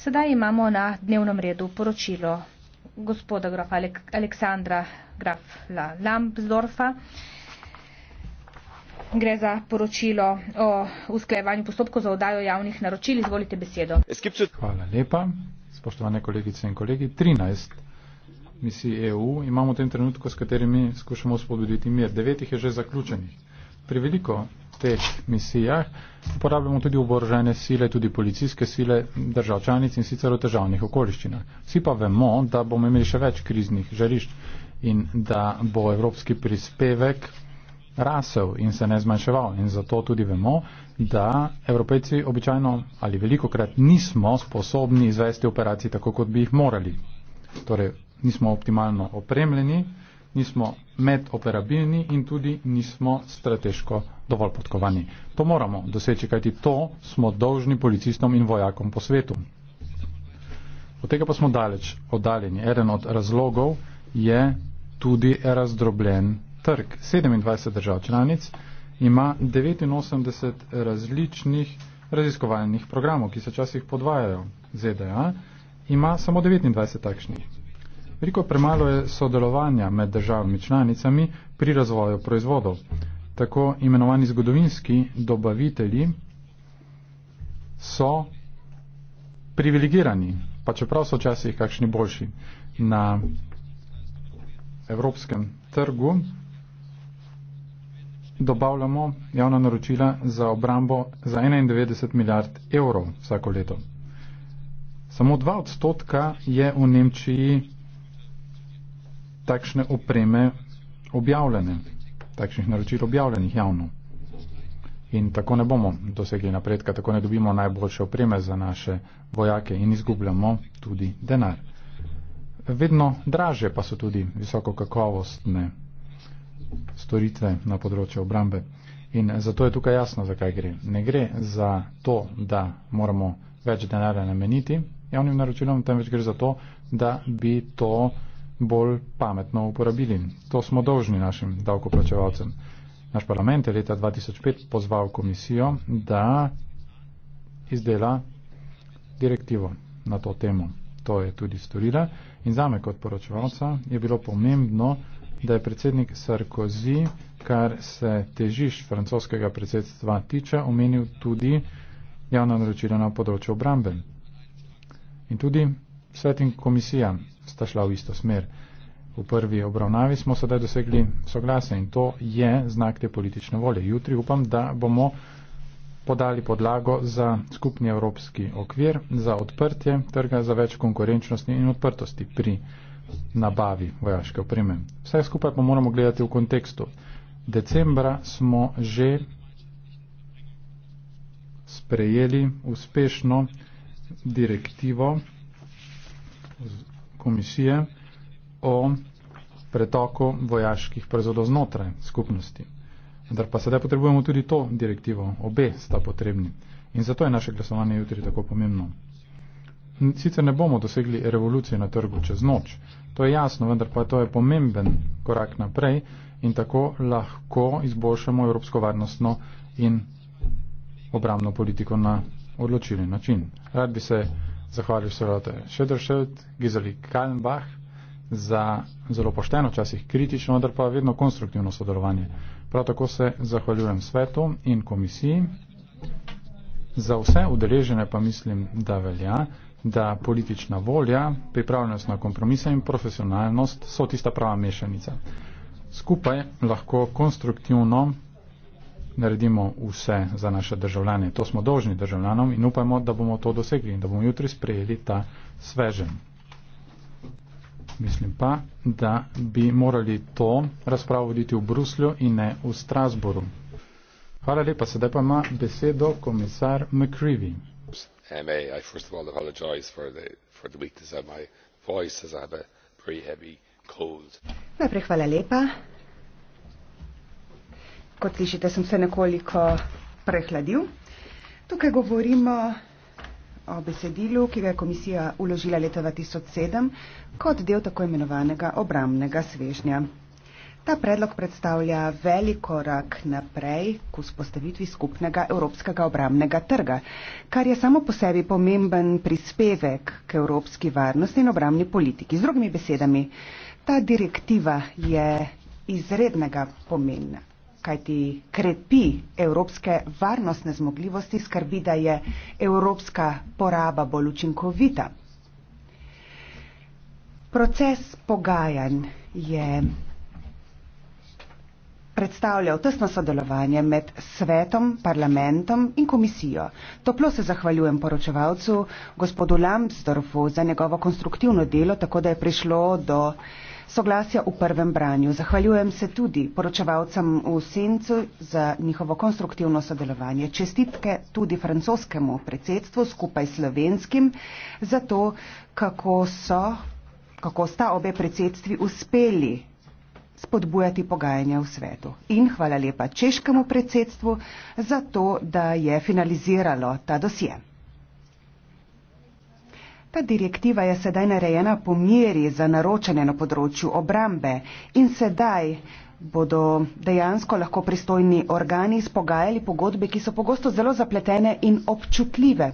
Sedaj imamo na dnevnem redu poročilo gospoda grofa Alek Aleksandra grafla Lambsdorfa. Gre za poročilo o usklajevanju postopkov za odajo javnih naročil. Izvolite besedo. Hvala lepa. Spoštovane kolegice in kolegi, 13 misij EU imamo v tem trenutku, s katerimi skušamo spodbuditi mir. Devetih je že zaključenih. Pri veliko teh misijah uporabljamo tudi oborožene sile, tudi policijske sile državčanic in sicer v težavnih okoliščinah. Vsi pa vemo, da bomo imeli še več kriznih žarišč in da bo evropski prispevek rasel in se ne zmanjševal. In zato tudi vemo, da evropejci običajno ali veliko krat nismo sposobni izvesti operacij tako, kot bi jih morali. Torej, nismo optimalno opremljeni nismo medoperabilni in tudi nismo strateško dovolj podkovani. To moramo doseči, kajti to smo dolžni policistom in vojakom po svetu. Od tega pa smo daleč oddaljeni. Eden od razlogov je tudi razdrobljen trg. 27 držav članic ima 89 različnih raziskovalnih programov, ki se časih podvajajo ZDA, ima samo 29 takšnih. Veliko premalo je sodelovanja med državami članicami pri razvoju proizvodov. Tako imenovani zgodovinski dobavitelji so privilegirani, pa čeprav so včasih kakšni boljši na evropskem trgu dobavljamo javna naročila za obrambo za 91 milijard evrov vsako leto. Samo 2 odstotka je v Nemčiji takšne opreme objavljene, takšnih naročil objavljenih javno. In tako ne bomo dosegli napredka, tako ne dobimo najboljše opreme za naše vojake in izgubljamo tudi denar. Vedno draže pa so tudi visokokakovostne storitve na področju obrambe. In zato je tukaj jasno, zakaj gre. Ne gre za to, da moramo več denarja nameniti javnim naročilom, temveč gre za to, da bi to bolj pametno uporabili. To smo dolžni našim davkoplačevalcem. Naš parlament je leta 2005 pozval komisijo, da izdela direktivo na to temo. To je tudi storila in zame kot poročevalca je bilo pomembno, da je predsednik Sarkozy, kar se težiš francoskega predsedstva tiče, omenil tudi javna naročila na področju obrambe. In tudi svetim komisijam sta šla v isto smer. V prvi obravnavi smo sedaj dosegli soglasje in to je znak te politične volje. Jutri upam, da bomo podali podlago za skupni evropski okvir, za odprtje trga, za več konkurenčnosti in odprtosti pri nabavi vojaške opreme. Vse skupaj pa moramo gledati v kontekstu. Decembra smo že sprejeli uspešno direktivo komisije o pretoku vojaških proizvodov znotraj skupnosti. Vendar pa sedaj potrebujemo tudi to direktivo, obe sta potrebni. In zato je naše glasovanje jutri tako pomembno. Sicer ne bomo dosegli revolucije na trgu čez noč, to je jasno, vendar pa to je pomemben korak naprej in tako lahko izboljšamo evropsko varnostno in obramno politiko na odločilen način. Rad bi se zahvalil se vrate Šedršet, Gizeli Kalmbach za zelo pošteno, včasih kritično, vendar pa vedno konstruktivno sodelovanje. Prav tako se zahvaljujem svetu in komisiji. Za vse udeležene pa mislim, da velja, da politična volja, pripravljenost na kompromise in profesionalnost so tista prava mešanica. Skupaj lahko konstruktivno naredimo vse za naše državljane. To smo dolžni državljanom in upajmo, da bomo to dosegli in da bomo jutri sprejeli ta svežen. Mislim pa, da bi morali to razpravo voditi v Bruslju in ne v Strasboru. Hvala lepa, sedaj pa ima besedo komisar McCreevy. Najprej hvala lepa, Kot slišite, sem se nekoliko prehladil. Tukaj govorimo o besedilu, ki ga je komisija uložila leta 2007 kot del tako imenovanega obramnega svežnja. Ta predlog predstavlja velik korak naprej k vzpostavitvi skupnega evropskega obramnega trga, kar je samo po sebi pomemben prispevek k evropski varnosti in obramni politiki. Z drugimi besedami, ta direktiva je izrednega pomena kajti krepi evropske varnostne zmogljivosti, skrbi, da je evropska poraba bolj učinkovita. Proces pogajanj je predstavljal tesno sodelovanje med svetom, parlamentom in komisijo. Toplo se zahvaljujem poročevalcu gospodu Lambsdorfu za njegovo konstruktivno delo, tako da je prišlo do soglasja v prvem branju. Zahvaljujem se tudi poročevalcem v Sencu za njihovo konstruktivno sodelovanje. Čestitke tudi francoskemu predsedstvu skupaj slovenskim za to, kako, so, kako sta obe predsedstvi uspeli spodbujati pogajanja v svetu. In hvala lepa češkemu predsedstvu za to, da je finaliziralo ta dosje. Ta direktiva je sedaj narejena po meri za naročanje na področju obrambe in sedaj bodo dejansko lahko pristojni organi spogajali pogodbe, ki so pogosto zelo zapletene in občutljive.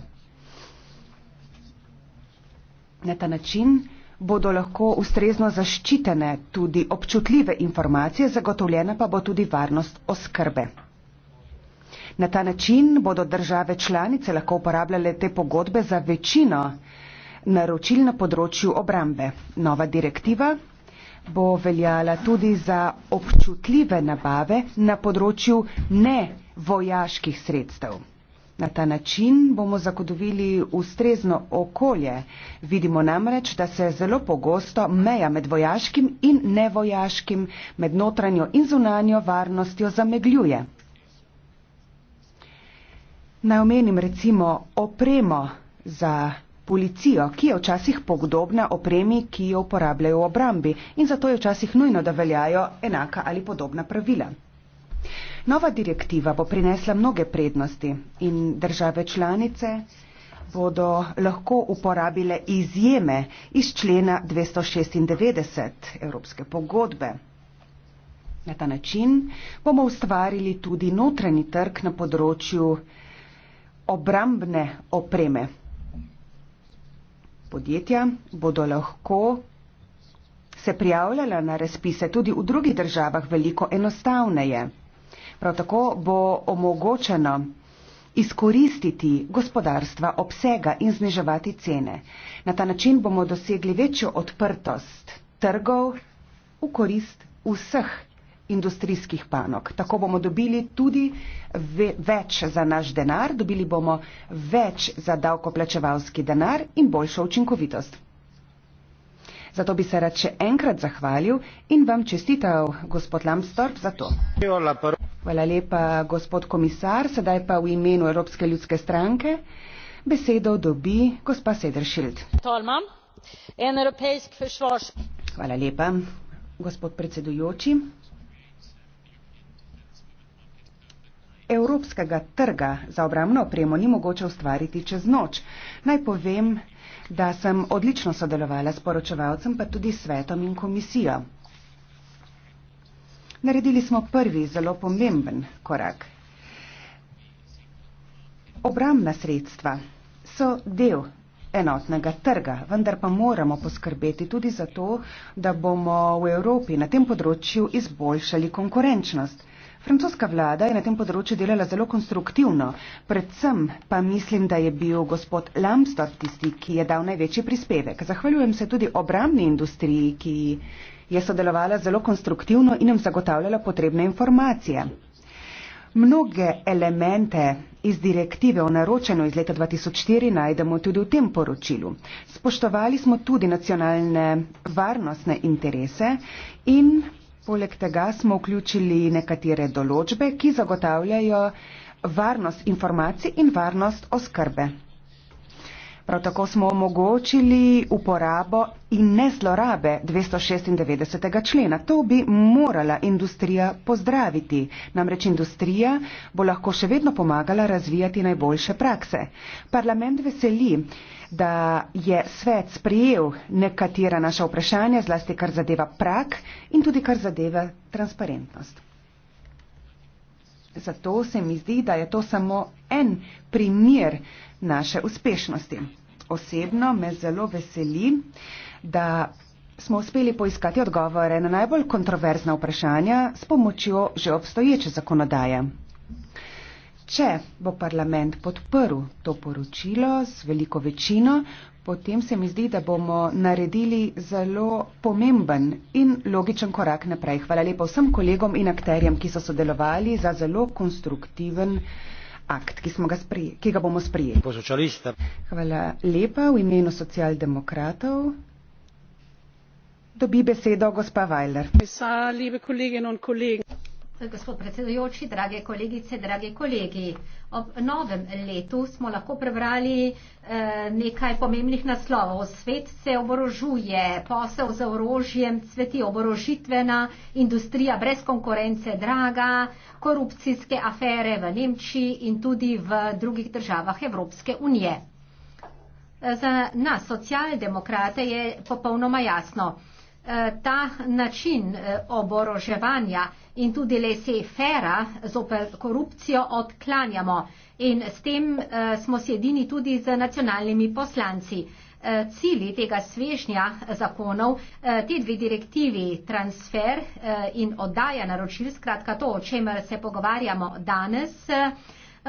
Na ta način bodo lahko ustrezno zaščitene tudi občutljive informacije, zagotovljena pa bo tudi varnost oskrbe. Na ta način bodo države članice lahko uporabljale te pogodbe za večino naročil na področju obrambe. Nova direktiva bo veljala tudi za občutljive nabave na področju nevojaških sredstev. Na ta način bomo zagotovili ustrezno okolje. Vidimo namreč, da se zelo pogosto meja med vojaškim in nevojaškim, med notranjo in zunanjo varnostjo zamegljuje. Naj omenim recimo opremo za policijo, ki je včasih podobna opremi, ki jo uporabljajo v obrambi in zato je včasih nujno, da veljajo enaka ali podobna pravila. Nova direktiva bo prinesla mnoge prednosti in države članice bodo lahko uporabile izjeme iz člena 296 Evropske pogodbe. Na ta način bomo ustvarili tudi notranji trg na področju obrambne opreme podjetja bodo lahko se prijavljala na razpise tudi v drugih državah veliko enostavneje. Prav tako bo omogočeno izkoristiti gospodarstva obsega in zniževati cene. Na ta način bomo dosegli večjo odprtost trgov v korist vseh industrijskih panog. Tako bomo dobili tudi ve več za naš denar, dobili bomo več za davkoplačevalski denar in boljšo učinkovitost. Zato bi se rad še enkrat zahvalil in vam čestital, gospod Lambstorp, za to. Hvala lepa, gospod komisar. Sedaj pa v imenu Evropske ljudske stranke besedo dobi gospa Sederšild. Hvala lepa, gospod predsedujoči. evropskega trga za obramno opremo ni mogoče ustvariti čez noč. Naj povem, da sem odlično sodelovala s poročevalcem, pa tudi svetom in komisijo. Naredili smo prvi zelo pomemben korak. Obramna sredstva so del enotnega trga, vendar pa moramo poskrbeti tudi za to, da bomo v Evropi na tem področju izboljšali konkurenčnost. Francoska vlada je na tem področju delala zelo konstruktivno, predvsem pa mislim, da je bil gospod Lambstov tisti, ki je dal največji prispevek. Zahvaljujem se tudi obramni industriji, ki je sodelovala zelo konstruktivno in nam zagotavljala potrebne informacije. Mnoge elemente iz direktive o naročeno iz leta 2004 najdemo tudi v tem poročilu. Spoštovali smo tudi nacionalne varnostne interese in Poleg tega smo vključili nekatere določbe, ki zagotavljajo varnost informacij in varnost oskrbe. Prav tako smo omogočili uporabo in ne zlorabe 296. člena. To bi morala industrija pozdraviti. Namreč industrija bo lahko še vedno pomagala razvijati najboljše prakse. Parlament veseli, da je svet sprijel nekatera naša vprašanja, zlasti kar zadeva prak in tudi kar zadeva transparentnost. Zato se mi zdi, da je to samo en primer naše uspešnosti. Osebno me zelo veseli, da smo uspeli poiskati odgovore na najbolj kontroverzna vprašanja s pomočjo že obstoječe zakonodaje. Če bo parlament podprl to poročilo z veliko večino, potem se mi zdi, da bomo naredili zelo pomemben in logičen korak naprej. Hvala lepa vsem kolegom in akterjem, ki so sodelovali za zelo konstruktiven akt, ki, ga, sprije, ki ga bomo sprijeli. Hvala lepa v imenu socialdemokratov. Dobi besedo gospa Weiler. Pisa, Gospod predsedujoči, drage kolegice, drage kolegi, ob novem letu smo lahko prebrali eh, nekaj pomembnih naslovov. Svet se oborožuje, posel za orožjem cveti, oborožitvena industrija brez konkurence draga, korupcijske afere v Nemčiji in tudi v drugih državah Evropske unije. Eh, za nas, socialdemokrate, je popolnoma jasno. Eh, ta način eh, oboroževanja in tudi lese fera zoper korupcijo odklanjamo in s tem eh, smo sjedini tudi z nacionalnimi poslanci. Cili tega svežnja zakonov, te dve direktivi, transfer in oddaja naročil, skratka to, o čemer se pogovarjamo danes,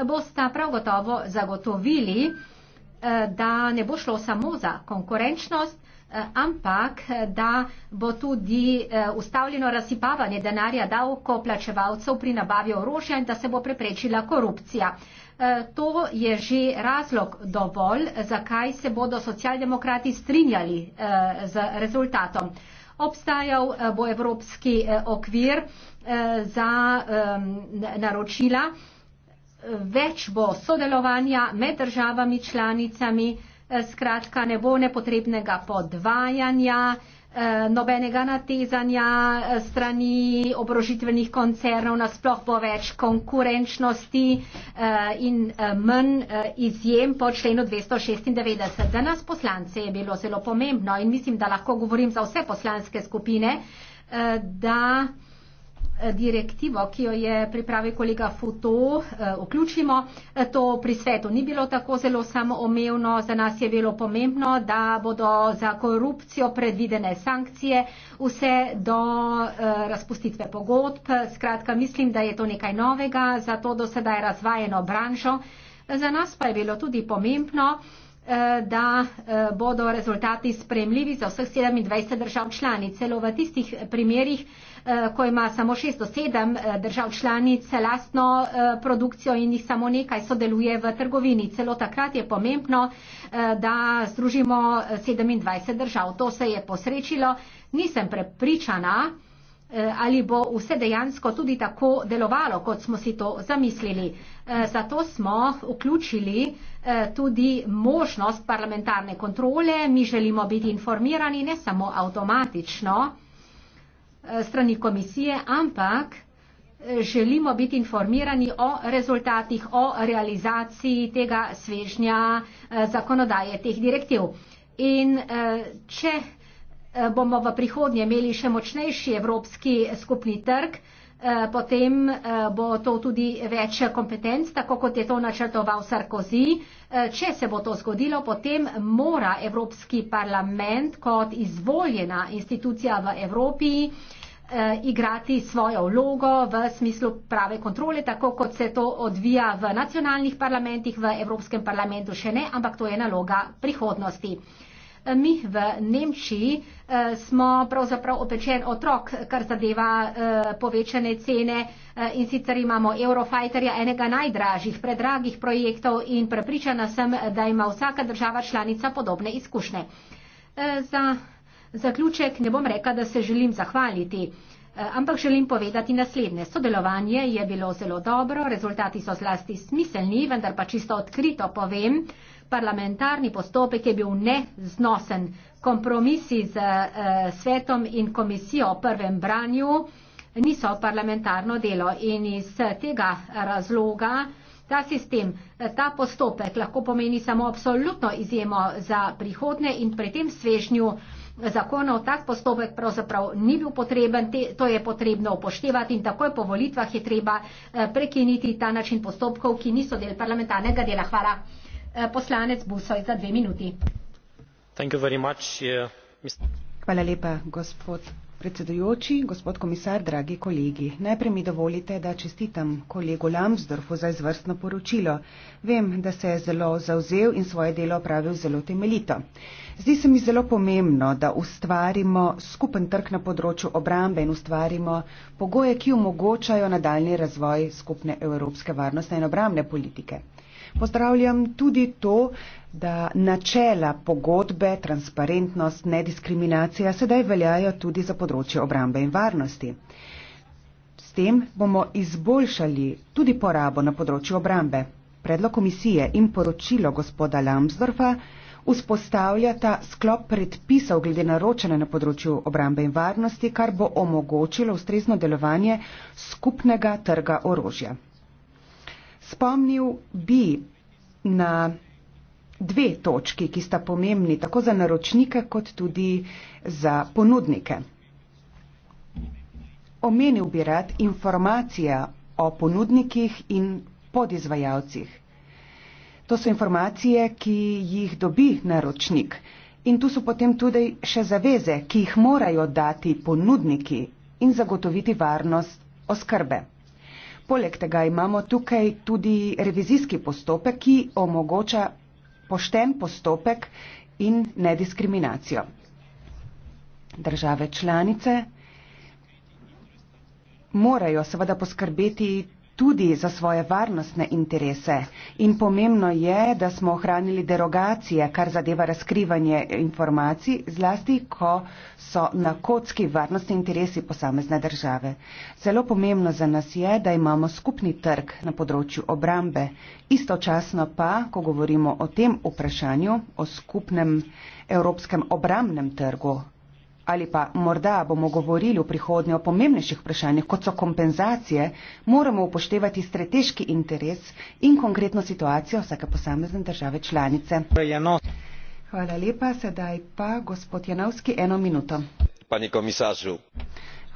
bosta prav gotovo zagotovili, da ne bo šlo samo za konkurenčnost, Eh, ampak eh, da bo tudi eh, ustavljeno razsipavanje denarja davkoplačevalcev pri nabavi orožja in da se bo preprečila korupcija. To je že razlog dovolj, zakaj se bodo socialdemokrati strinjali z rezultatom. Obstajal bo evropski okvir za naročila, več bo sodelovanja med državami članicami, Eh, skratka ne bo nepotrebnega podvajanja, eh, nobenega natezanja eh, strani obrožitvenih koncernov, nasploh bo več konkurenčnosti in menj izjem po členu 296. Za nas poslance je bilo zelo pomembno in mislim, da lahko govorim za vse poslanske skupine, da direktivo, ki jo je pripravil kolega Foto, eh, vključimo. Eh, to pri svetu ni bilo tako zelo samoomevno, za nas je bilo pomembno, da bodo za korupcijo predvidene sankcije vse do eh, razpustitve pogodb. Skratka, mislim, da je to nekaj novega, zato do sedaj razvajeno branžo. Za nas pa je bilo tudi pomembno, Eh, da eh, bodo rezultati spremljivi za vseh 27 držav članic. Celo v tistih eh, primerjih, ko ima samo 6 do 7 držav članic lastno produkcijo in jih samo nekaj sodeluje v trgovini. Celo takrat je pomembno, da združimo 27 držav. To se je posrečilo. Nisem prepričana, ali bo vse dejansko tudi tako delovalo, kot smo si to zamislili. Zato smo vključili Eh, tudi možnost parlamentarne kontrole. Mi želimo biti informirani ne samo avtomatično eh, strani komisije, ampak eh, želimo biti informirani o rezultatih, o realizaciji tega svežnja zakonodaje teh direktiv. In če bomo v prihodnje imeli še močnejši evropski skupni trg, Eh, potem eh, bo to tudi več kompetenc, tako kot je to načrtoval Sarkozy. Eh, če se bo to zgodilo, potem mora Evropski parlament kot izvoljena institucija v Evropi igrati svojo vlogo v smislu prave kontrole, tako kot se to odvija v nacionalnih parlamentih, v Evropskem parlamentu še ne, ampak to je naloga prihodnosti. Mi v Nemčiji eh, smo pravzaprav opečen otrok, kar zadeva eh, povečane cene eh, in sicer imamo Eurofighterja, enega najdražjih, predragih projektov in prepričana sem, da ima vsaka država članica podobne izkušnje. Za zaključek ne bom reka, da se želim zahvaliti. Ampak želim povedati naslednje. Sodelovanje je bilo zelo dobro, rezultati so zlasti smiselni, vendar pa čisto odkrito povem, parlamentarni postopek je bil neznosen. Kompromisi z eh, svetom in komisijo o prvem branju niso parlamentarno delo in iz tega razloga ta sistem, eh, ta postopek lahko pomeni samo absolutno izjemo za prihodne in pri tem svežnju zakonov tak postopek pravzaprav ni bil potreben, te, to je potrebno upoštevati in takoj po volitvah je treba eh, prekiniti ta način postopkov, ki niso del parlamentarnega dela. Hvala. Eh, poslanec Busoj za dve minuti. Eh, Hvala lepa, gospod predsedujoči, gospod komisar, dragi kolegi. Najprej mi dovolite, da čestitam kolegu Lambsdorfu za izvrstno poročilo. Vem, da se je zelo zauzel in svoje delo opravil zelo temeljito. Zdi se mi zelo pomembno, da ustvarimo skupen trg na področju obrambe in ustvarimo pogoje, ki omogočajo nadaljni razvoj skupne evropske varnostne in obrambne politike. Pozdravljam tudi to, da načela pogodbe, transparentnost, nediskriminacija sedaj veljajo tudi za področje obrambe in varnosti. S tem bomo izboljšali tudi porabo na področju obrambe. Predlog komisije in poročilo gospoda Lambsdorfa vzpostavljata sklop predpisov glede naročene na področju obrambe in varnosti, kar bo omogočilo ustrezno delovanje skupnega trga orožja spomnil bi na dve točki, ki sta pomembni tako za naročnike kot tudi za ponudnike. Omenil bi rad informacije o ponudnikih in podizvajalcih. To so informacije, ki jih dobi naročnik. In tu so potem tudi še zaveze, ki jih morajo dati ponudniki in zagotoviti varnost oskrbe. Poleg tega imamo tukaj tudi revizijski postopek, ki omogoča pošten postopek in nediskriminacijo. Države članice morajo seveda poskrbeti tudi za svoje varnostne interese. In pomembno je, da smo ohranili derogacije, kar zadeva razkrivanje informacij, zlasti, ko so na kocki varnostni interesi posamezne države. Zelo pomembno za nas je, da imamo skupni trg na področju obrambe. Istočasno pa, ko govorimo o tem vprašanju, o skupnem evropskem obramnem trgu, ali pa morda bomo govorili v prihodnje o pomembnejših vprašanjih, kot so kompenzacije, moramo upoštevati strateški interes in konkretno situacijo vsake posamezne države članice. Hvala lepa, sedaj pa gospod Janovski eno minuto. Pani komisarju.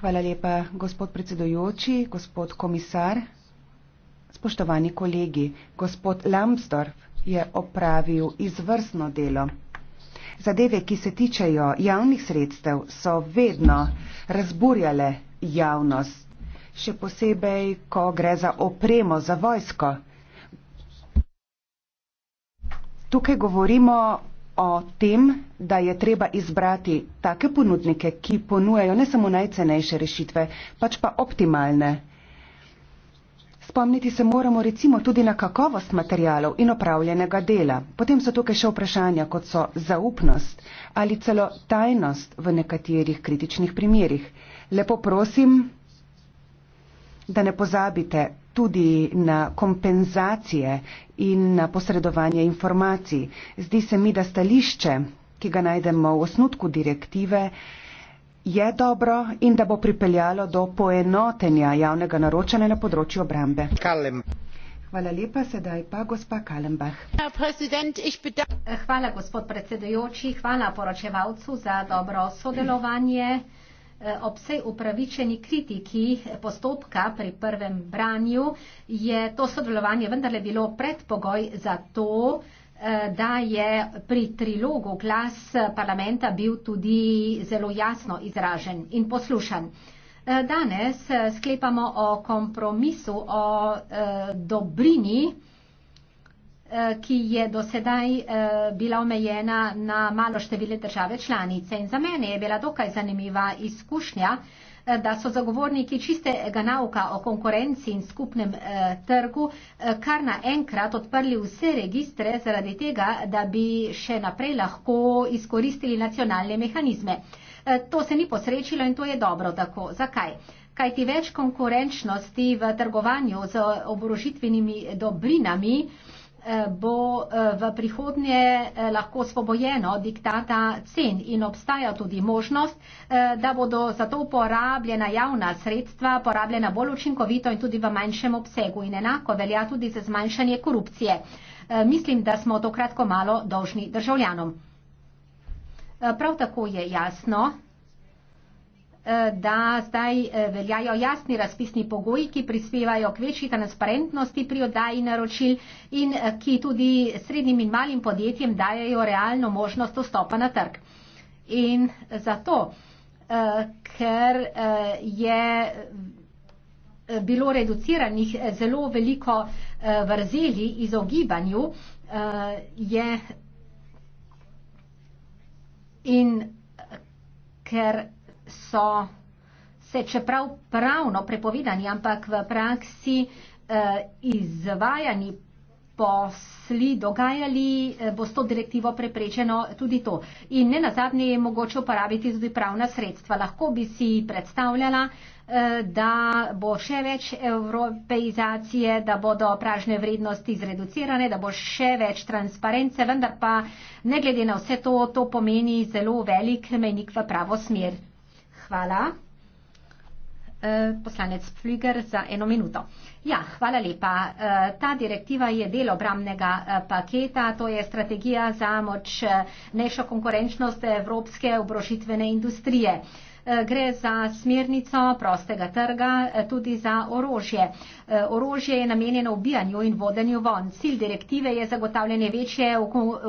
Hvala lepa, gospod predsedujoči, gospod komisar, spoštovani kolegi, gospod Lambsdorf je opravil izvrstno delo. Zadeve, ki se tičejo javnih sredstev, so vedno razburjale javnost, še posebej, ko gre za opremo za vojsko. Tukaj govorimo o tem, da je treba izbrati take ponudnike, ki ponujajo ne samo najcenejše rešitve, pač pa optimalne rešitve. Spomniti se moramo recimo tudi na kakovost materijalov in opravljenega dela. Potem so tukaj še vprašanja, kot so zaupnost ali celo tajnost v nekaterih kritičnih primerjih. Lepo prosim, da ne pozabite tudi na kompenzacije in na posredovanje informacij. Zdi se mi, da stališče, ki ga najdemo v osnutku direktive, je dobro in da bo pripeljalo do poenotenja javnega naročanja na področju obrambe. Kalem. Hvala lepa, sedaj pa gospa Kalembach. Hvala gospod predsedujoči, hvala poročevalcu za dobro sodelovanje. Eh, ob vsej upravičeni kritiki postopka pri prvem branju je to sodelovanje vendarle bilo predpogoj za to, da je pri trilogu glas parlamenta bil tudi zelo jasno izražen in poslušan. Eh, danes eh, sklepamo o kompromisu, o eh, dobrini, ki je do sedaj bila omejena na malo števile države članice. In za mene je bila dokaj zanimiva izkušnja, Eh, da so zagovorniki čistega nauka o konkurenci in skupnem eh, trgu eh, kar naenkrat odprli vse registre zaradi tega, da bi še naprej lahko izkoristili nacionalne mehanizme. To se ni posrečilo in to je dobro tako. Zakaj? Kaj ti več konkurenčnosti v trgovanju z oborožitvenimi dobrinami, Eh, bo eh, v prihodnje eh, lahko svobojeno diktata cen in obstaja tudi možnost, da bodo za to porabljena javna sredstva, porabljena bolj učinkovito in tudi v manjšem obsegu. In enako velja tudi za zmanjšanje korupcije. Mislim, da smo to kratko malo dolžni državljanom. Prav tako je jasno, Eh, da zdaj eh, veljajo jasni razpisni pogoji, ki prispevajo k večji transparentnosti pri oddaji naročil in eh, ki tudi srednjim in malim podjetjem dajajo realno možnost vstopa na trg. In zato, ker je bilo reduciranih zelo veliko vrzeli izogibanju, je in ker so se čeprav pravno prepovedani, ampak v praksi eh, izvajani posli dogajali, eh, bo s to direktivo preprečeno tudi to. In ne nazadnje je mogoče uporabiti tudi pravna sredstva. Lahko bi si predstavljala, eh, da bo še več evropeizacije, da bodo pražne vrednosti zreducirane, da bo še več transparence, vendar pa ne glede na vse to, to pomeni zelo velik menik v pravo smer. Hvala. E, poslanec Pfliger za eno minuto. Ja, hvala lepa. E, ta direktiva je del obramnega e, paketa, to je strategija za močnejšo konkurenčnost evropske obrožitvene industrije. Gre za smernico prostega trga, tudi za orožje. Orožje je namenjeno ubijanju in vodenju von. Cilj direktive je zagotavljanje večje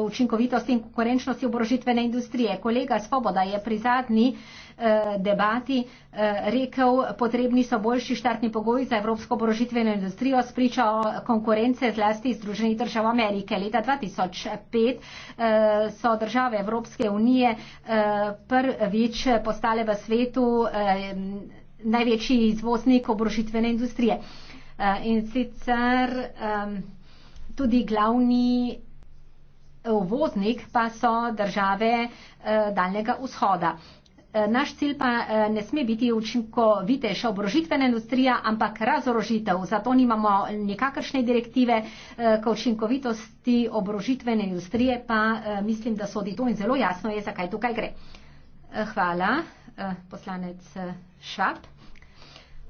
učinkovitosti in konkurenčnosti obrožitvene industrije. Kolega Svoboda je pri zadnji Eh, debati eh, rekel, potrebni so boljši štartni pogoji za evropsko oborožitveno industrijo s pričo konkurence zlasti iz Združenih držav Amerike. Leta 2005 eh, so države Evropske unije prvič postale v svetu največji izvoznik oborožitvene industrije. In sicer tudi glavni uvoznik pa so države daljnega vzhoda. Eh, naš cilj pa eh, ne sme biti učinkovitejša obrožitvena industrija, ampak razorožitev. Zato nimamo nikakršne direktive eh, k učinkovitosti obrožitvene industrije, pa mislim, da sodi to in zelo jasno je, zakaj tukaj gre. Hvala, poslanec Švab.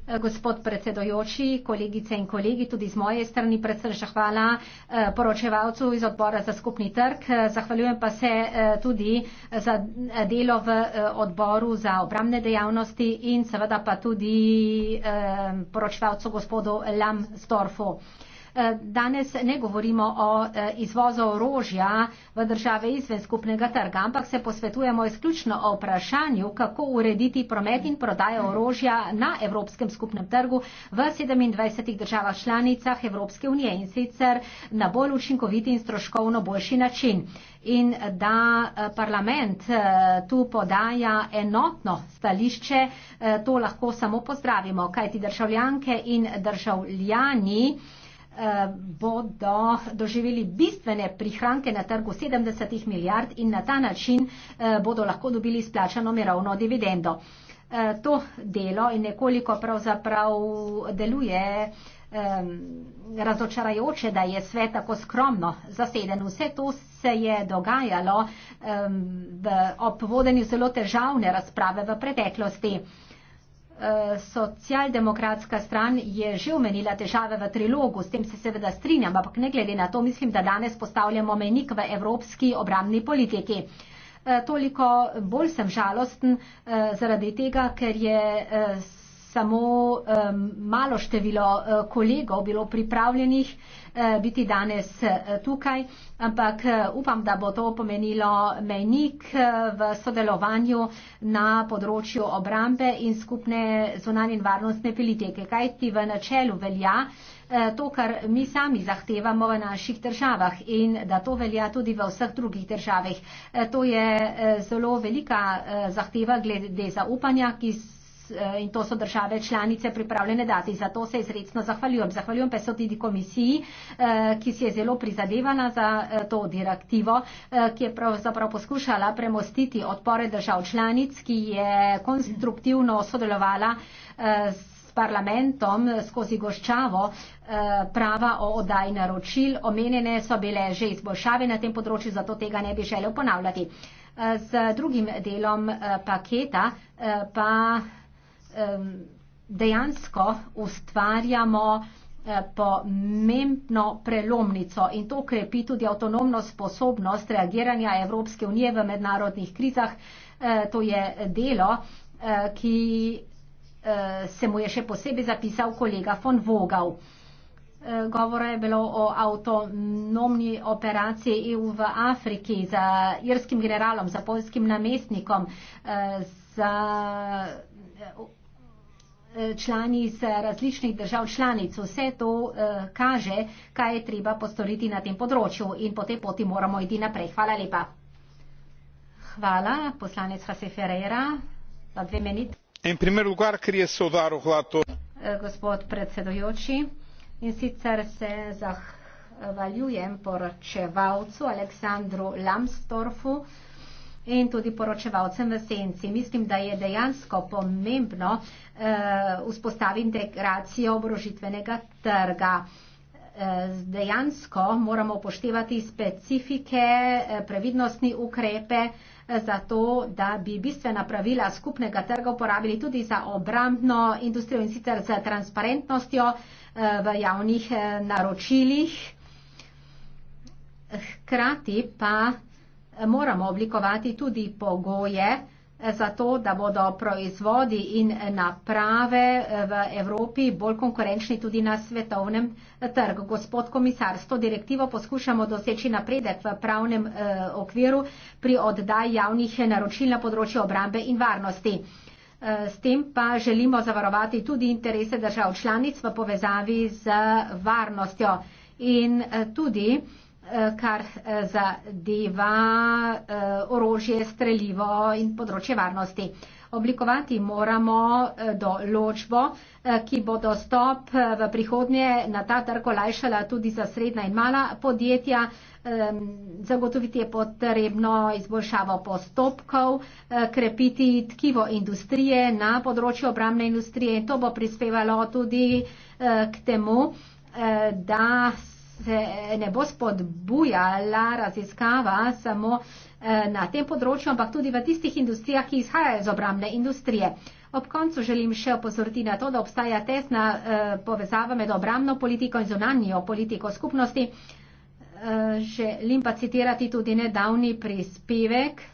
Eh, gospod predsedojoči, kolegice in kolegi, tudi z moje strani predvsem še hvala eh, poročevalcu iz odbora za skupni trg. Eh, zahvaljujem pa se tudi za delo v odboru za obramne dejavnosti in seveda pa tudi poročevalcu gospodu Lamsdorfu. Eh, danes ne govorimo o eh, izvozu orožja v države izven skupnega trga, ampak se posvetujemo izključno o vprašanju, kako urediti promet in prodajo orožja na Evropskem skupnem trgu v 27 državah članicah Evropske unije in sicer na bolj učinkovit in stroškovno boljši način. In da eh, parlament tu podaja enotno stališče, to lahko samo pozdravimo, kajti državljanke in državljani Eh, bodo doživeli bistvene prihranke na trgu 70 milijard in na ta način eh, bodo lahko dobili splačano mirovno dividendo. Eh, to delo in nekoliko pravzaprav deluje razočarajoče, da je svet tako skromno zaseden. Vse to se je dogajalo ob vodenju zelo težavne razprave v preteklosti socialdemokratska stran je že omenila težave v trilogu, s tem se seveda strinjam, ampak ne glede na to, mislim, da danes postavljamo menik v evropski obramni politiki. E, toliko bolj sem žalosten e, zaradi tega, ker je e, samo um, malo število uh, kolegov bilo pripravljenih uh, biti danes uh, tukaj, ampak uh, upam, da bo to pomenilo mejnik uh, v sodelovanju na področju obrambe in skupne zunanje in varnostne politike, kajti v načelu velja to, kar mi sami zahtevamo v naših državah in da to velja tudi v vseh drugih državah. To je zelo velika zahteva glede zaupanja, ki Eh, in to so države članice pripravljene dati. Zato se izredno zahvaljujem. Zahvaljujem pa se tudi komisiji, eh, ki si je zelo prizadevana za eh, to direktivo, ki je pravzaprav poskušala premostiti odpore držav članic, ki je konstruktivno sodelovala s parlamentom skozi goščavo prava o oddaji naročil. Omenjene so bile že izboljšave na tem področju, zato tega ne bi želel ponavljati. Z drugim delom paketa pa um, dejansko ustvarjamo eh, pomembno prelomnico in to krepi tudi avtonomno sposobnost reagiranja Evropske unije v mednarodnih krizah. Eh, to je delo, eh, ki se mu je še posebej zapisal kolega von Vogel. Govora je bilo o avtonomni operaciji EU v Afriki za irskim generalom, za polskim namestnikom, za Eh, članic eh, različnih držav članic. Vse to eh, kaže, kaj je treba postoriti na tem področju in po tej poti moramo iti naprej. Hvala lepa. Hvala, poslanec Hase Ferreira, za dve minuti. En primer lugar, ker je sodaro hlato. Eh, gospod predsedujoči, in sicer se zahvaljujem poročevalcu Aleksandru Lamstorfu, in tudi poročevalcem v senci. Mislim, da je dejansko pomembno eh, vzpostaviti integracijo obrožitvenega trga. Eh, dejansko moramo upoštevati specifike, eh, previdnostni ukrepe, eh, zato da bi bistvena pravila skupnega trga uporabili tudi za obrambno industrijo in sicer za transparentnostjo eh, v javnih eh, naročilih. Hkrati pa moramo oblikovati tudi pogoje eh, za to, da bodo proizvodi in eh, naprave eh, v Evropi bolj konkurenčni tudi na svetovnem trgu. Gospod komisar, s to direktivo poskušamo doseči napredek v pravnem okviru pri oddaji javnih naročil na področju obrambe in varnosti. S tem pa želimo zavarovati tudi interese držav članic v povezavi z varnostjo in tudi Eh, kar eh, zadeva eh, orožje, streljivo in področje varnosti. Oblikovati moramo določbo, ki bo dostop v prihodnje na ta trg olajšala tudi za srednja in mala podjetja. Zagotoviti je potrebno izboljšavo postopkov, krepiti tkivo industrije na področju obramne industrije in to bo prispevalo tudi k temu, da se ne bo spodbujala raziskava samo eh, na tem področju, ampak tudi v tistih industrijah, ki izhajajo iz obramne industrije. Ob koncu želim še opozoriti na to, da obstaja tesna eh, povezava med obramno politiko in zunanjo politiko skupnosti. Eh, želim pa citirati tudi nedavni prispevek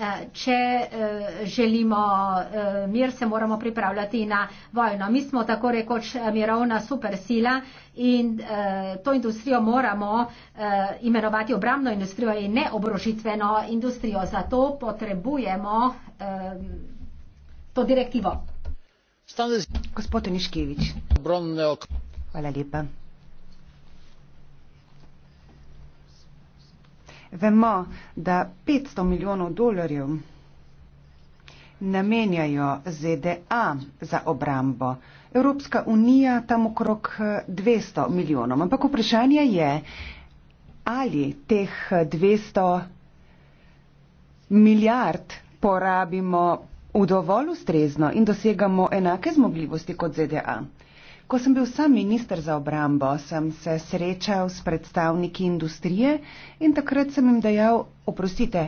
Eh, če eh, želimo eh, mir, se moramo pripravljati na vojno. Mi smo tako rekoč mirovna supersila in to industrijo moramo imenovati obramno industrijo in ne obrožitveno industrijo. Zato potrebujemo to direktivo. Gospod Niškevič. Hvala lepa. Vemo, da 500 milijonov dolarjev namenjajo ZDA za obrambo. Evropska unija tam okrog 200 eh, milijonov. Ampak vprašanje je, ali teh 200 eh, milijard porabimo v dovolj ustrezno in dosegamo enake zmogljivosti kot ZDA. Ko sem bil sam minister za obrambo, sem se srečal s predstavniki industrije in takrat sem jim dejal, oprostite,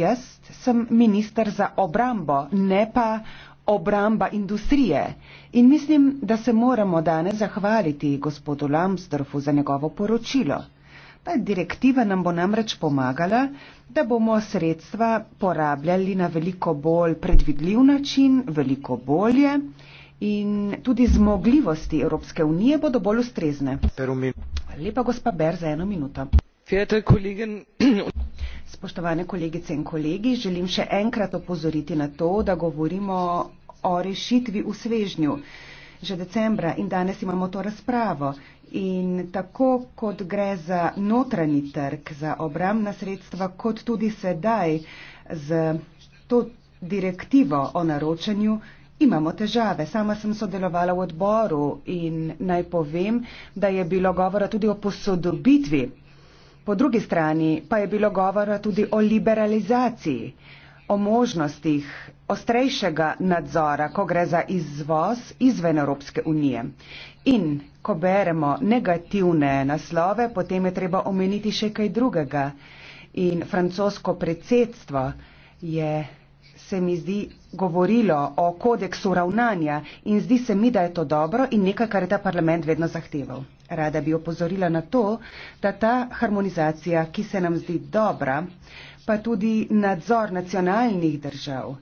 jaz sem minister za obrambo, ne pa obramba industrije. In mislim, da se moramo danes zahvaliti gospodu Lambsdorfu za njegovo poročilo. Ta direktiva nam bo namreč pomagala, da bomo sredstva porabljali na veliko bolj predvidljiv način, veliko bolje in tudi zmogljivosti Evropske unije bodo bolj ustrezne. Lepa gospa Ber za eno minuto. Spoštovane kolegice in kolegi, želim še enkrat opozoriti na to, da govorimo o rešitvi v svežnju. Že decembra in danes imamo to razpravo. In tako kot gre za notranji trg, za obramna sredstva, kot tudi sedaj z to direktivo o naročanju, Imamo težave. Sama sem sodelovala v odboru in naj povem, da je bilo govora tudi o posodobitvi. Po drugi strani pa je bilo govora tudi o liberalizaciji, o možnostih ostrejšega nadzora, ko gre za izvoz izven Evropske unije. In ko beremo negativne naslove, potem je treba omeniti še kaj drugega. In francosko predsedstvo je se mi zdi govorilo o kodeksu ravnanja in zdi se mi, da je to dobro in nekaj, kar je ta parlament vedno zahteval. Rada bi opozorila na to, da ta harmonizacija, ki se nam zdi dobra, pa tudi nadzor nacionalnih držav,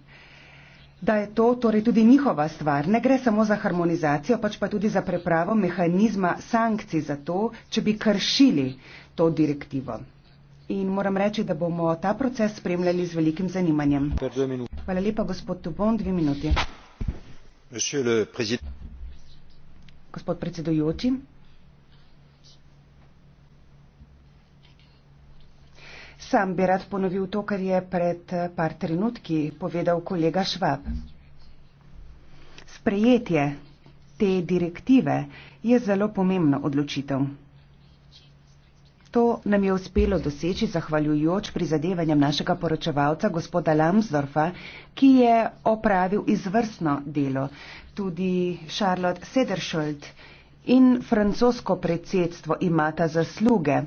da je to torej tudi njihova stvar. Ne gre samo za harmonizacijo, pač pa tudi za prepravo mehanizma sankcij za to, če bi kršili to direktivo in moram reči, da bomo ta proces spremljali z velikim zanimanjem. Hvala lepa, gospod Tubon, dve minuti. Gospod predsedujoči. Sam bi rad ponovil to, kar je pred par trenutki povedal kolega Švab. Sprejetje te direktive je zelo pomembna odločitev. To nam je uspelo doseči zahvaljujoč prizadevanjem našega poročevalca, gospoda Lamsdorfa, ki je opravil izvrstno delo. Tudi Charlotte Sederschuld in francosko predsedstvo imata zasluge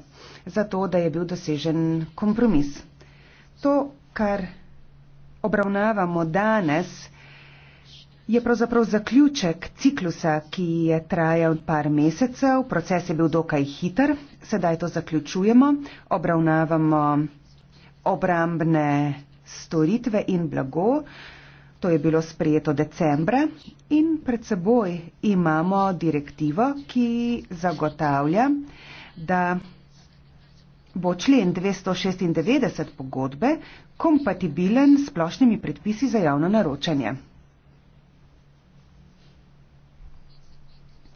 za to, da je bil dosežen kompromis. To, kar obravnavamo danes, je pravzaprav zaključek ciklusa, ki je trajal par mesecev. Proces je bil dokaj hiter, sedaj to zaključujemo. Obravnavamo obrambne storitve in blago. To je bilo sprejeto decembra in pred seboj imamo direktivo, ki zagotavlja, da bo člen 296 pogodbe kompatibilen s splošnimi predpisi za javno naročanje.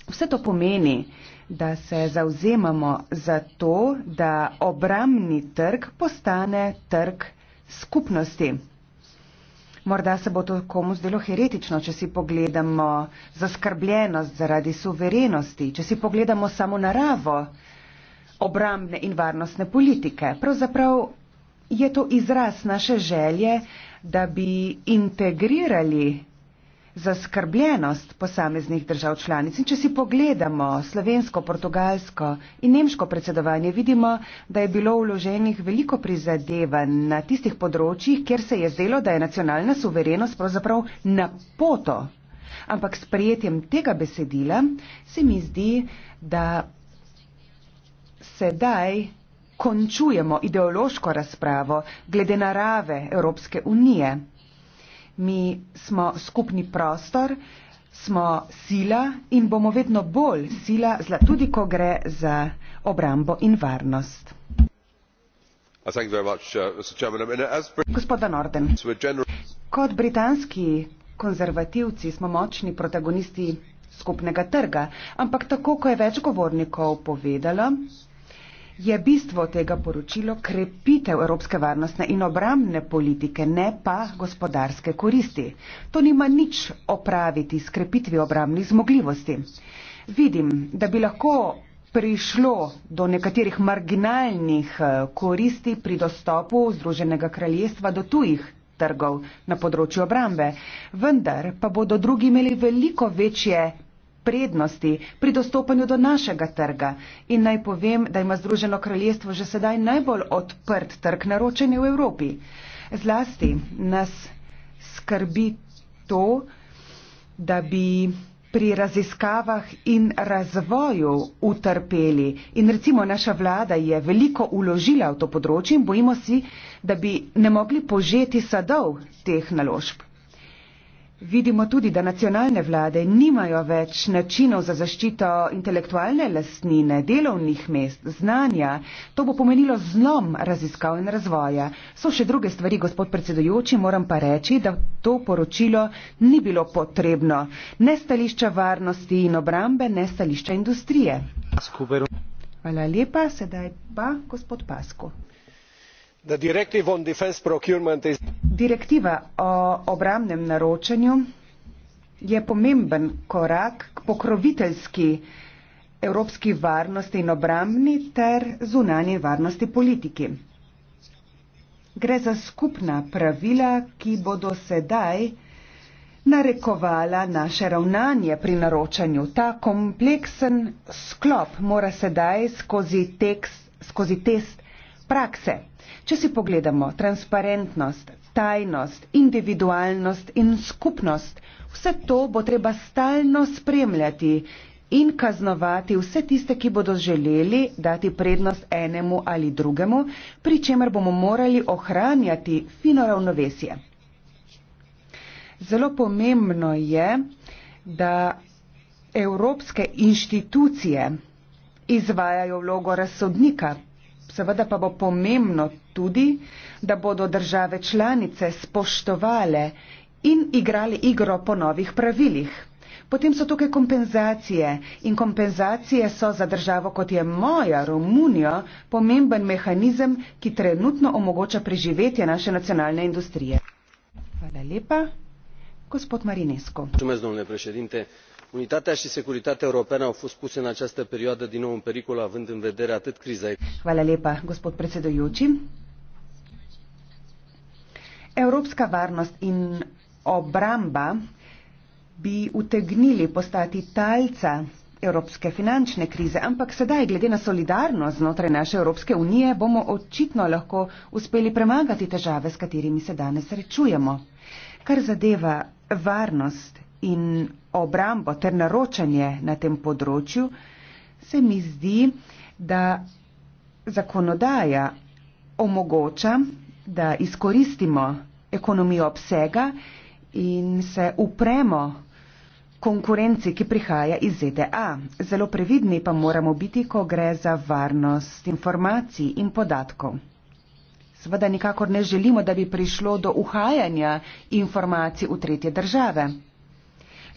Vse to pomeni, da se zauzemamo za to, da obramni trg postane trg skupnosti. Morda se bo to komu zdelo heretično, če si pogledamo zaskrbljenost zaradi suverenosti, če si pogledamo samo naravo obrambne in varnostne politike. Pravzaprav je to izraz naše želje, da bi integrirali zaskrbljenost posameznih držav članic. In če si pogledamo slovensko, portugalsko in nemško predsedovanje, vidimo, da je bilo vloženih veliko prizadevanj na tistih področjih, kjer se je zdelo, da je nacionalna suverenost pravzaprav na poto. Ampak s prijetjem tega besedila se mi zdi, da sedaj končujemo ideološko razpravo glede narave Evropske unije. Mi smo skupni prostor, smo sila in bomo vedno bolj sila, zla, tudi ko gre za obrambo in varnost. Uh, Gospoda Norden, kot britanski konzervativci smo močni protagonisti skupnega trga, ampak tako, ko je več govornikov povedalo, je bistvo tega poročila krepitev evropske varnostne in obramne politike, ne pa gospodarske koristi. To nima nič opraviti s krepitvijo obramnih zmogljivosti. Vidim, da bi lahko prišlo do nekaterih marginalnih eh, koristi pri dostopu Združenega kraljestva do tujih trgov na področju obrambe, vendar pa bodo drugi imeli veliko večje prednosti pri dostopanju do našega trga. In naj povem, da ima Združeno kraljestvo že sedaj najbolj odprt trg naročanja v Evropi. Zlasti nas skrbi to, da bi pri raziskavah in razvoju utrpeli. In recimo naša vlada je veliko uložila v to področje in bojimo si, da bi ne mogli požeti sadov teh naložb. Vidimo tudi, da nacionalne vlade nimajo več načinov za zaščito intelektualne lastnine, delovnih mest, znanja. To bo pomenilo zlom raziskav in razvoja. So še druge stvari, gospod predsedujoči, moram pa reči, da to poročilo ni bilo potrebno. Ne stališča varnosti in obrambe, ne stališča industrije. Hvala lepa, sedaj pa gospod Pasko direktiva o obrambnem naročanju je pomemben korak k pokroviteljski evropski varnosti in obrambni ter zunanji varnosti politiki. Gre za skupna pravila, ki bodo sedaj narekovala naše ravnanje pri naročanju. Ta kompleksen sklop mora sedaj skozi, tekst, skozi test prakse. Če si pogledamo transparentnost, tajnost, individualnost in skupnost, vse to bo treba stalno spremljati in kaznovati vse tiste, ki bodo želeli dati prednost enemu ali drugemu, pri čemer bomo morali ohranjati fino ravnovesje. Zelo pomembno je, da evropske inštitucije izvajajo vlogo razsodnika Seveda pa bo pomembno tudi, da bodo države članice spoštovale in igrali igro po novih pravilih. Potem so tukaj kompenzacije in kompenzacije so za državo, kot je moja Romunijo, pomemben mehanizem, ki trenutno omogoča preživetje naše nacionalne industrije. Hvala lepa. Gospod Marinesko. Čumez, unitatea și securitatea europeană au fost puse în această perioadă din nou în pericol având în vedere atât criza Evropska varnost in obramba bi utegnili postati talca evropske finančne krize, ampak sedaj, glede na solidarnost znotraj naše Evropske unije, bomo očitno lahko uspeli premagati težave, s katerimi se danes srečujemo. Kar zadeva varnost in obrambo ter naročanje na tem področju, se mi zdi, da zakonodaja omogoča, da izkoristimo ekonomijo obsega in se upremo konkurenci, ki prihaja iz ZDA. Zelo previdni pa moramo biti, ko gre za varnost informacij in podatkov. Seveda nikakor ne želimo, da bi prišlo do uhajanja informacij v tretje države.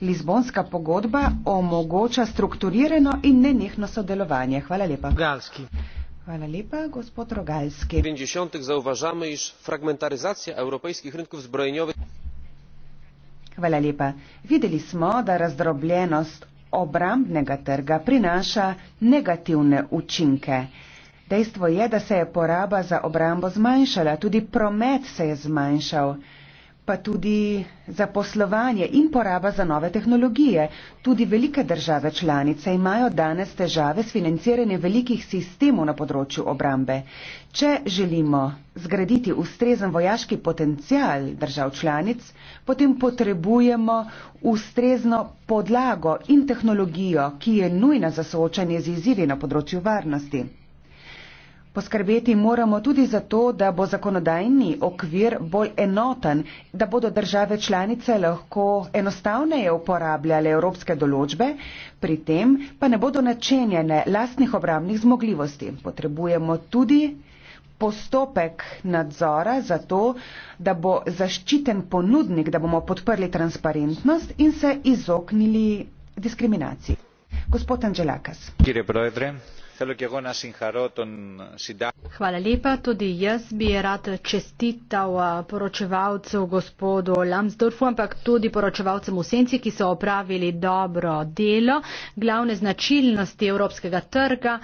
Lizbonska pogodba omogoča strukturirano in nenehno sodelovanje. Hvala lepa. Galski. Hvala lepa, gospod Rogalski. V 90-ih zauvažamo, da je fragmentarizacija evropskih rinkov zbrojenjovih. Hvala lepa. Videli smo, da razdrobljenost obrambnega trga prinaša negativne učinke. Dejstvo je, da se je poraba za obrambo zmanjšala, tudi promet se je zmanjšal pa tudi za poslovanje in poraba za nove tehnologije. Tudi velike države članice imajo danes težave s financiranjem velikih sistemov na področju obrambe. Če želimo zgraditi ustrezen vojaški potencial držav članic, potem potrebujemo ustrezno podlago in tehnologijo, ki je nujna za soočanje z izzivi na področju varnosti. Poskrbeti moramo tudi za to, da bo zakonodajni okvir bolj enoten, da bodo države članice lahko enostavneje uporabljale evropske določbe, pri tem pa ne bodo načenjene lastnih obramnih zmogljivosti. Potrebujemo tudi postopek nadzora za to, da bo zaščiten ponudnik, da bomo podprli transparentnost in se izognili diskriminaciji. Gospod Anželakas. Hvala lepa. Tudi jaz bi rad čestital poročevalcu gospodu Lambsdorfu, ampak tudi poročevalcem v senci, ki so opravili dobro delo. Glavne značilnosti evropskega trga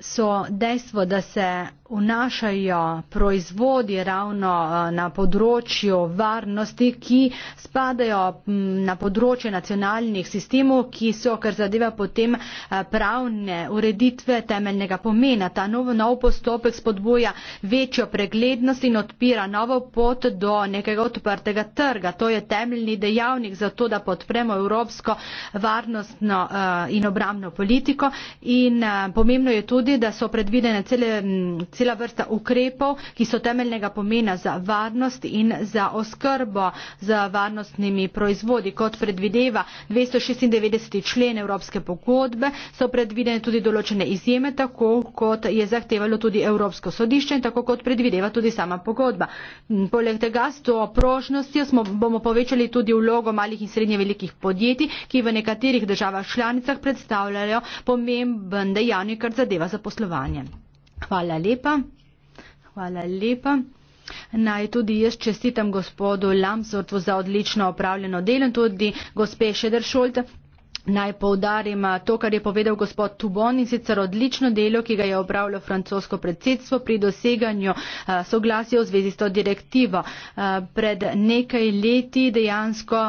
so dejstvo, da se vnašajo proizvodi ravno eh, na področju varnosti, ki spadajo na področje nacionalnih sistemov, ki so, kar zadeva potem eh, pravne ureditve temeljnega pomena. Ta nov, nov postopek spodbuja večjo preglednost in odpira novo pot do nekega odprtega trga. To je temeljni dejavnik za to, da podpremo evropsko varnostno eh, in obramno politiko. In pomembno je tudi, tudi, da so predvidene cele, cela vrsta ukrepov, ki so temeljnega pomena za varnost in za oskrbo z varnostnimi proizvodi. Kot predvideva 296. člen Evropske pogodbe, so predvidene tudi določene izjeme, tako kot je zahtevalo tudi Evropsko sodišče in tako kot predvideva tudi sama pogodba. Poleg tega s to prožnostjo smo, bomo povečali tudi vlogo malih in srednje velikih podjetij, ki v nekaterih državah članicah predstavljajo pomemben dejavnik, kar zadeva zaposlovanje. Hvala lepa. Hvala lepa. Naj tudi jaz čestitam gospodu Lamsortu za odlično opravljeno delo in tudi gospe Šedršolte. Naj povdarim to, kar je povedal gospod Tubon in sicer odlično delo, ki ga je opravljalo francosko predsedstvo pri doseganju soglasja v zvezi s to direktivo. Pred nekaj leti dejansko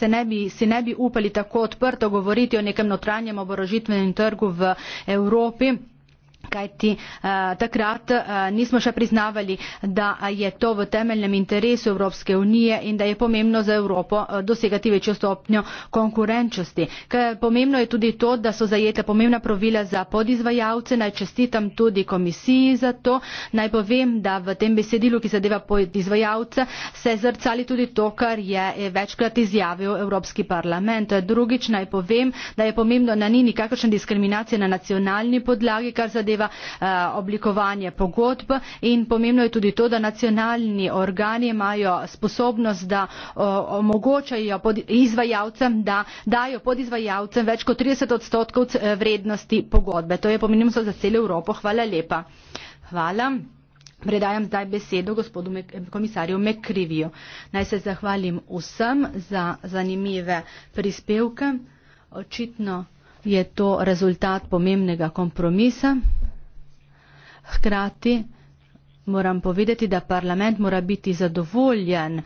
se ne bi, se ne bi upali tako odprto govoriti o nekem notranjem oborožitvenem trgu v Evropi kajti eh, takrat eh, nismo še priznavali, da je to v temeljnem interesu Evropske unije in da je pomembno za Evropo eh, dosegati večjo stopnjo konkurenčnosti. Pomembno je tudi to, da so zajete pomembna pravila za podizvajalce. Naj čestitam tudi komisiji za to. Naj povem, da v tem besedilu, ki zadeva podizvajalce, se zrcali tudi to, kar je večkrat izjavil Evropski parlament. Drugič naj povem, da je pomembno, da ni nikakršna diskriminacija na nacionalni podlagi, kar zadeva zahteva eh, oblikovanje pogodb in pomembno je tudi to da nacionalni organi imajo sposobnost da omogočajo izvajalcem da dajo podizvajalcem več kot trideset odstotkov eh, vrednosti pogodbe to je pomembno za celo evropo hvala lepa hvala Predajam zdaj besedo gospodu komisarju Mekriviju. Naj se zahvalim vsem za zanimive prispevke. Očitno je to rezultat pomembnega kompromisa. Hkrati moram povedati, da parlament mora biti zadovoljen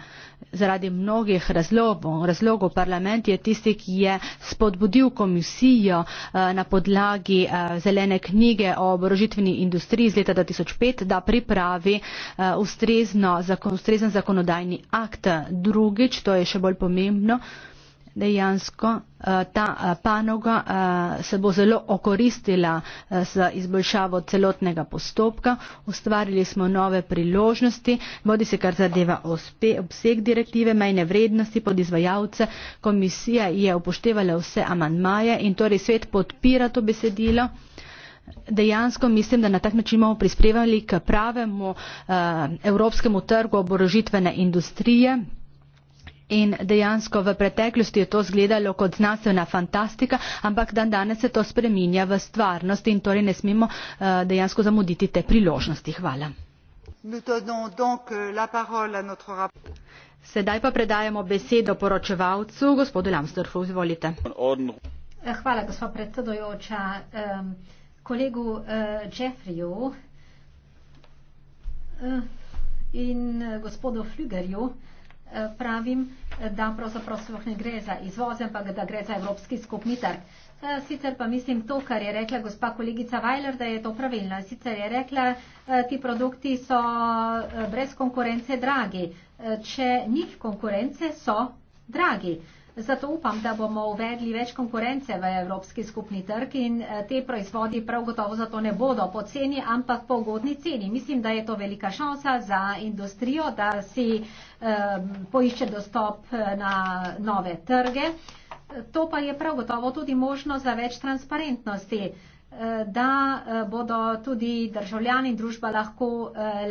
zaradi mnogih razlogov. Razlogov parlament je tisti, ki je spodbudil komisijo eh, na podlagi eh, zelene knjige o obrožitveni industriji iz leta 2005, da pripravi eh, ustrezen zakonodajni akt. Drugič, to je še bolj pomembno, dejansko eh, ta eh, panoga eh, se bo zelo okoristila z izboljšavo celotnega postopka. Ustvarili smo nove priložnosti, bodi se kar zadeva obseg direktive, mejne vrednosti pod izvajalce. Komisija je upoštevala vse amandmaje in torej svet podpira to besedilo. Dejansko mislim, da na tak način bomo prispevali k pravemu evropskemu trgu oborožitvene industrije in dejansko v preteklosti je to izgledalo kot znanstvena fantastika, ampak dan danes se to spreminja v stvarnost in torej ne smemo uh, dejansko zamuditi te priložnosti. Hvala. Euh, Sedaj pa predajamo besedo poročevalcu, gospodu Lamstorfu, izvolite. Eh, hvala, gospod predsedojoča. Um, kolegu uh, eh, Jeffriju uh, in gospodu Flügerju uh, pravim, da pravzaprav sploh ne gre za izvoz, ampak da gre za evropski skupni trg. E, sicer pa mislim to, kar je rekla gospa kolegica Weiler, da je to pravilno. Sicer je rekla, e, ti produkti so e, brez konkurence dragi. Če njih konkurence so dragi. Zato upam, da bomo uvedli več konkurence v Evropski skupni trg in eh, te proizvodi prav gotovo zato ne bodo po ceni, ampak po ugodni ceni. Mislim, da je to velika šansa za industrijo, da si um, poišče dostop eh, na nove trge. To pa je prav gotovo tudi možno za več transparentnosti eh, da bodo tudi državljani in družba lahko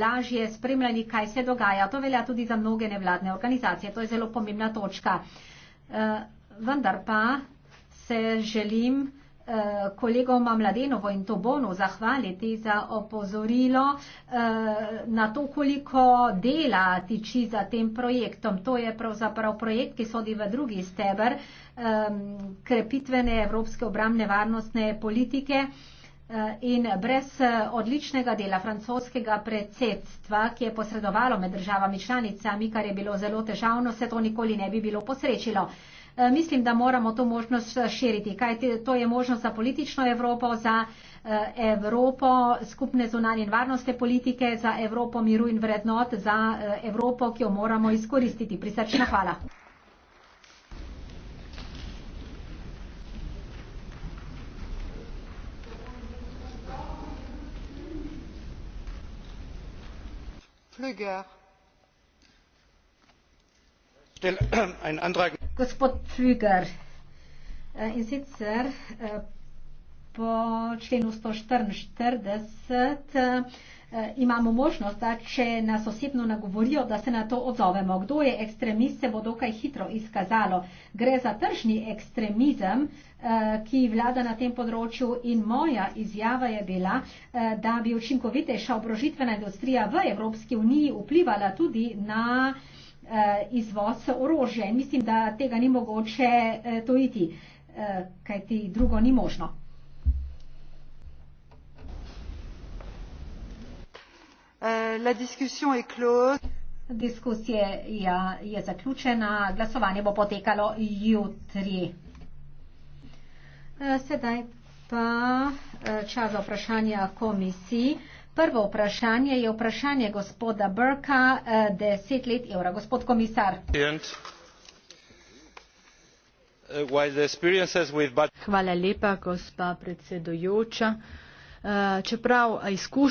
lažje spremljali, kaj se dogaja. To velja tudi za mnoge nevladne organizacije. To je zelo pomembna točka. Eh, vendar pa se želim eh, kolegoma Mladenovo in Tobonu zahvaliti za opozorilo eh, na to, koliko dela tiči za tem projektom. To je pravzaprav projekt, ki sodi v drugi steber krepitvene evropske obramne varnostne politike. Eh, in brez eh, odličnega dela francoskega predsedstva, ki je posredovalo med državami članicami, kar je bilo zelo težavno, se to nikoli ne bi bilo posrečilo. Eh, mislim, da moramo to možnost širiti, kajti to je možnost za politično Evropo, za Evropo skupne zunanje in varnostne politike, za Evropo miru in vrednot, za Evropo, ki jo moramo izkoristiti. Prisrčna hvala. Äh, Gospod Flüger, äh, in sicer äh, po členu 144 Eh, imamo možnost, da če nas osebno nagovorijo, da se na to odzovemo. Kdo je ekstremist, se bo dokaj hitro izkazalo. Gre za tržni ekstremizem, eh, ki vlada na tem področju in moja izjava je bila, eh, da bi učinkovitejša obrožitvena industrija v Evropski uniji vplivala tudi na izvoz orožja in mislim, da tega ni mogoče tojiti, kajti drugo ni možno. Eh, la discussion est close. Diskusija je, je zaključena, glasovanje bo potekalo jutri. Eh, sedaj pa eh, čas za vprašanja komisiji. Prvo vprašanje je vprašanje gospoda Brka, deset let evra. Gospod komisar. Hvala lepa, gospa predsedujoča. Čeprav izkušnje